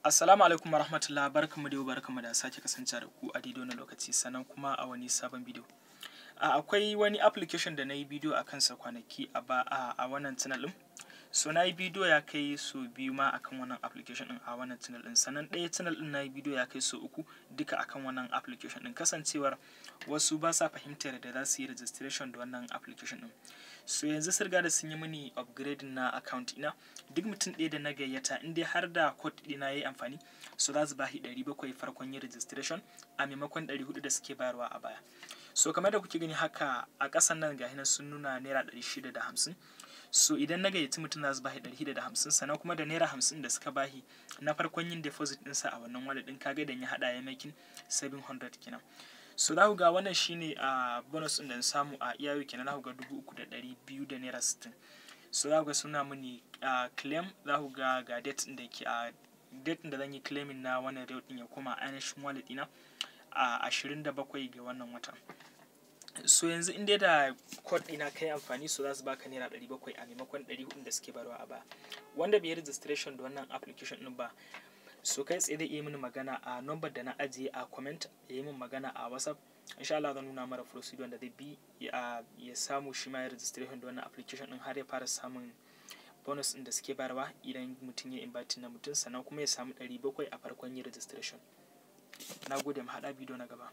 Assalamu alaikum warahmatullah barkamu da barkamu da sake kasance da ku a daidai wani lokaci sannan kuma a wani sabon bidiyo. Akwai wani application da na yi bidiyo a kansa kwanaki a ba a wannan channel din so na yi bidiyo ya kai so biyu ma akan wannan application din a wannan channel din sannan ɗaya channel din na yi bidiyo ya kai so uku duka akan wannan application din kasancewar wasu ba sa fahimtar da za su yi registration da wannan application din so yanzu sirga da sun yi mini upgrade na account ina duk mutum ɗaya da na gayyata in dai har da code ɗina ya yi amfani so za su ba shi ɗari bakwai farkon yin registration a maimakon ɗari hudu da suke bayarwa a baya so kamar da kuke gani haka a ƙasan nan ga nan sun nuna naira ɗari shida da hamsin so idan na gayyaci mutum za su bashi ɗari da hamsin sannan kuma da naira hamsin da suka bashi na farkon yin deposit ɗinsa a wannan wallet ɗin kaga idan ya haɗa ya makin 700 kina so za ku ga wannan shine a bonus ɗin da na samu a iyawi kenan za ku ga dubu uku da ɗari biyu da naira sittin so za ku ga suna mini a claim za ku ga ga date ɗin da ke a date ɗin da zan yi claiming na wannan rate ɗin ya koma ainihin wallet ɗina a ashirin da bakwai ga wannan watan so yanzu in da code ɗina kai amfani so zasu baka naira ɗari bakwai a maimakon ɗari hudu da suke barwa a ba wanda bai registration da wannan application ɗin ba so kai tsaye zai iya mini magana a number da na ajiye a comment ya yi min magana a whatsapp insha Allah zan nuna mara procedure da zai bi ya samu shi ma ya registration da wannan application ɗin har ya fara samun bonus ɗin da suke barwa idan mutum ya invite na mutum sannan kuma ya samu ɗari bakwai a farkon yin registration na gode mu haɗa bidiyo na gaba